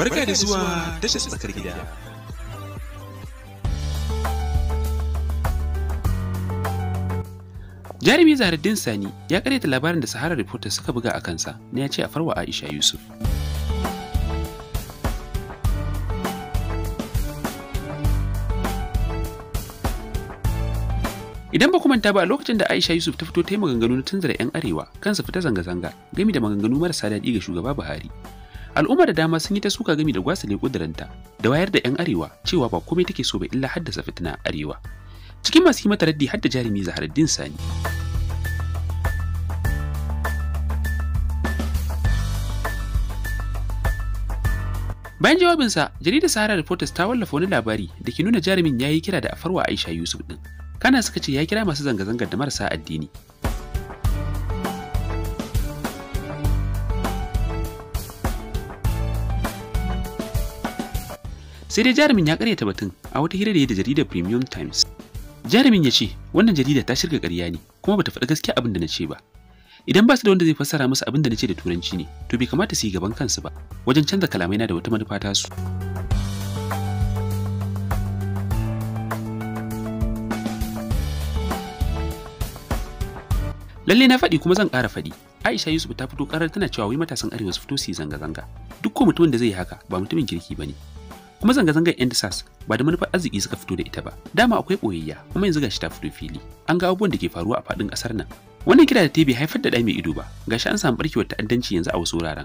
Barka da zuwa tashar tsakar gida. Jarumi din Sani ya karyata labarin da Sahara Reporter suka buga a kansa na ya ce a farwa Aisha Yusuf. Idan ba ku manta ba a lokacin da Aisha Yusuf ta fito ta yi maganganu na tunzura 'yan arewa kansa fita zanga-zanga gami da maganganu marasa daɗi ga shugaba Buhari al'umma da dama sun yi ta suka gami da ne kudurinta da wayar da 'yan arewa cewa ba komai take so ba illa haddasa fitina arewa cikin masu yi mata raddi har da jarumi zaharuddin sani Bayan jawabinsa, jaridar Sahara Reporters ta wallafa wani labari da ke nuna jarumin ya yi kira da afarwa Aisha Yusuf din. Kana suka ce ya kira masu zanga-zangar da marasa addini sai dai jarumin ya karyata batun a wata hira da ya da jaridar premium times jarumin ya ce wannan jarida ta shirga karya ne kuma bata faɗi gaskiya abin na ce ba idan ba su da wanda zai fassara musu abin da na ce da turanci ne to bai kamata su yi gaban kansu ba wajen canza kalamai na da wata manufa ta su lalle na faɗi kuma zan ƙara faɗi aisha yusuf ta fito ƙarar tana cewa wai matasan arewa su fito su yi zanga-zanga duk ko mutumin da zai yi haka ba mutumin kirki ba ne kuma zanga-zangar endsars ba da manufar arziki suka fito da ita ba dama akwai ɓoyayya kuma yanzu gashi ta fito fili an ga abubuwan da ke faruwa a faɗin ƙasar nan wannan kira da ta bai haifar da ɗa mai ido ba gashi an samu barkewar ta'addanci yanzu a wasu wuraren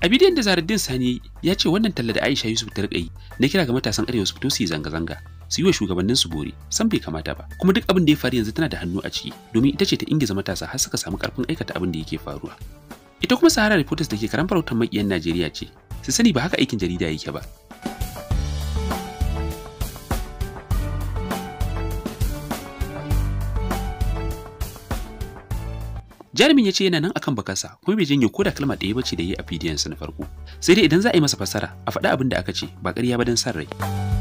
a bidiyon da zaruddin sani ya ce wannan talla da aisha yusuf ta riƙa yi na kira ga matasan arewa su fito su yi zanga-zanga su yi wa shugabannin su bore san bai kamata ba kuma duk abin da ya faru yanzu tana da hannu a ciki domin ita ce ta ingiza matasa har suka samu karfin aikata abin da yake faruwa ita kuma sahara reporters da ke karan farautar makiyan najeriya ce su sani ba haka aikin jarida yake ba jarumin ya ce yana nan akan bakarsa kuma bai janye ko da kalma ɗaya bace da yi a bidiyon na farko sai dai idan za a yi masa fassara a faɗa abin da aka ce ba ƙarya ba don san rai